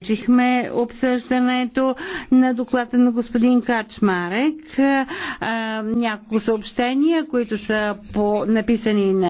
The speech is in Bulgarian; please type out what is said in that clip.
Приключихме обсъждането на доклада на господин Качмарек. Няколко съобщения, които са по, написани на